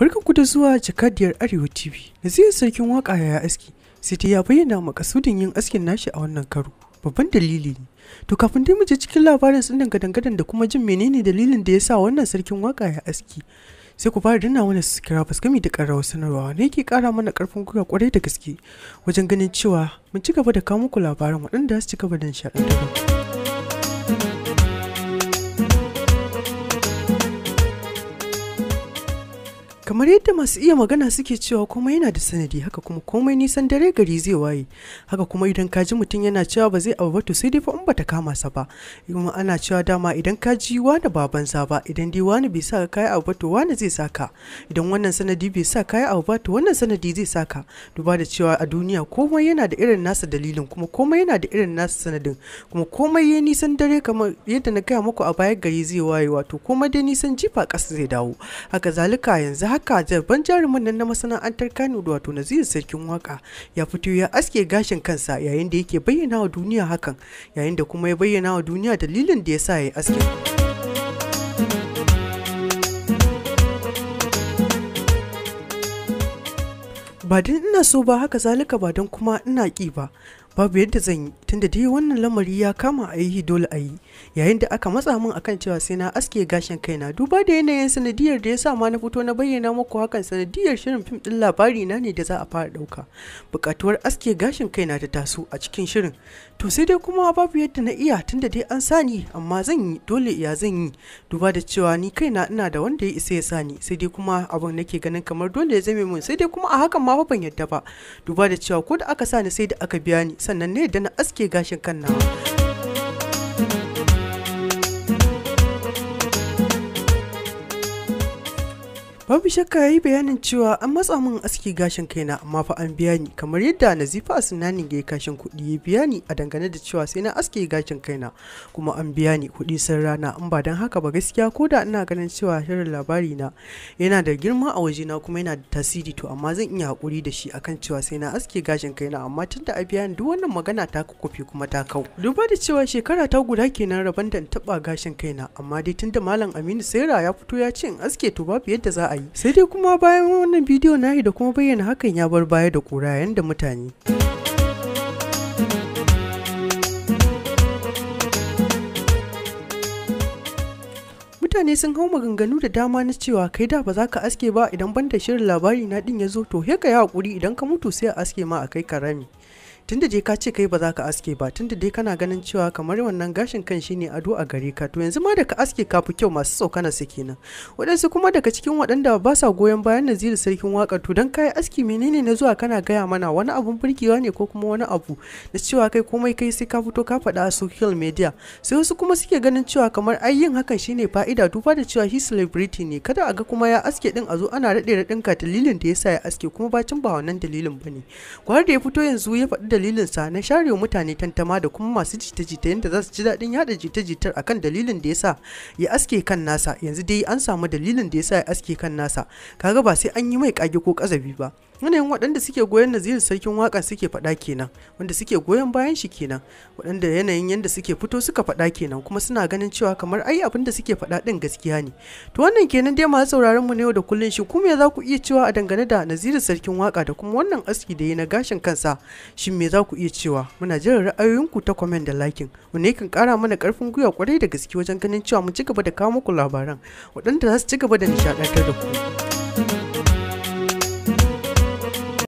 Barkan ku da zuwa jakadiyar Arewa TV. Naziyar sarkin waka ya yaya aski, sai ta ya bayyana makasudin yin askin nashi a wannan karo. Babban dalili ne. To kafin dai mu je cikin labarin sun dangadan da kuma jin menene dalilin da ya sa wannan sarkin waka ya aski. Sai ku fara danna mana subscribe gami da ƙararrawar sanarwa ne yake kara mana karfin gwiwa kwarai da gaske wajen ganin cewa mun ci gaba da kawo muku labaran waɗanda su ci gaba da nishaɗantarwa. kamar yadda masu iya magana suke cewa komai yana da sanadi haka kuma komai nisan dare gari zai waye haka kuma idan kaji mutum yana cewa ba zai abu ba to sai dai fa in bata kama sa ba kuma ana cewa dama idan kaji wani baban sa ba idan dai wani bai sa ka kai abu ba to wani zai saka idan wannan sanadi bai sa kai abu ba to wannan sanadi zai saka duba da cewa a duniya komai yana da irin nasa dalilin kuma komai yana da irin nasa sanadin kuma komai ya nisan dare kamar yadda na gaya muku a baya gari zai waye wato komai dai nisan jifa ƙasa zai dawo haka zalika yanzu haka zabban jarumin nan na masana'antar kano wato nazir sarkin waka ya fito ya aske gashin kansa yayin da yake bayyana wa duniya hakan yayin da kuma ya bayyana wa duniya dalilin da ya sa ya yi aske ba don ina so ba haka zalika ba don kuma ina ƙi ba babu yadda zan yi tunda dai wannan lamari ya kama a yi dole a yi yayin da aka matsa min akan cewa sai na aske gashin kai na duba da yanayin sanadiyar da ya sa ma na fito na bayyana muku hakan sanadiyar shirin fim din labari na ne da za a fara dauka bukatuwar aske gashin kai na ta taso a cikin shirin to sai dai kuma babu yadda na iya tunda dai an sani amma zan yi dole ya zan yi duba da cewa ni kaina ina da wanda ya isa ya sani sai dai kuma abin nake ganin kamar dole ya zame mun sai dai kuma a hakan ma ban yadda ba duba da cewa ko da aka sani sai da aka biya ni sannan ne da na aske gashin kan nawa Babu shakka ya yi bayanin cewa an matsa min aski gashin kaina amma fa an biya ni kamar yadda Nazifa Asinanin ga kashin kuɗi ya biya ni a dangane da cewa sai na aski gashin kaina kuma an biya ni kuɗi sun rana in ba don haka ba gaskiya ko da ina ganin cewa shirin labari na yana da girma a wajena kuma yana da tasiri to amma zan iya haƙuri da shi akan cewa sai na aski gashin kaina amma tun da a biya ni duk wannan magana ta kukufi kuma ta kau. Duba da cewa shekara ta guda kenan rabon da in taɓa gashin kaina amma dai tun da Malam Aminu Saira ya fito ya ce in aske to babu yadda za a yi. sai dai kuma bayan wannan bidiyo nahi da kuma bayyana hakan ya bar baya da kura yayin da mutane mutane sun hau maganganu da dama na cewa kai da ba za ka aske ba idan banda shirin labari na din ya zo to heka ya hakuri idan ka mutu sai a aske ma a kai karami tunda dai ka ce kai ba za ka aske ba tunda dai kana ganin cewa kamar wannan gashin kan shine ado a gare ka to yanzu ma da ka aske ka fi kyau masu tsokana su kenan waɗansu kuma daga cikin waɗanda ba sa goyon bayan Naziru sarkin waka to dan kai aski menene na zuwa kana gaya mana wani abun burgewa ne ko kuma wani abu na cewa kai komai kai sai ka fito ka faɗa a social media sai wasu kuma suke ganin cewa kamar ai yin hakan shine fa'ida duba da cewa he celebrity ne kada a ga kuma ya aske din a zo ana raɗe raɗin ka dalilin da yasa ya aske kuma bacin ba wannan dalilin bane kwar da ya fito yanzu ya faɗi dalilinsa na share mutane tantama da kuma masu jita-jita yadda za su ji daɗin yada jita-jitar a kan dalilin da ya sa ya aske kan nasa yanzu dai an samu dalilin da ya sa ya aske kan nasa kaga ba sai an yi mai kage ko kazabi ba yanayin waɗanda suke goyon nazirin sarkin waka suke faɗa kenan wanda suke goyon bayan shi kenan waɗanda yanayin yadda suke fito suka faɗa kenan kuma suna ganin cewa kamar ai abin da suke faɗa ɗin gaskiya ne to wannan kenan dai masu sauraron mu na yau da kullun shi kuma za ku iya cewa a dangane da nazirin sarkin waka da kuma wannan aski da yi na gashin kansa shin me za ku iya cewa muna jiran ra'ayoyinku ta comment da liking ne kan kara mana karfin gwiwa kwarai da gaske wajen ganin cewa mu ci gaba da kawo muku labaran waɗanda za su ci gaba da nishaɗantar da ku.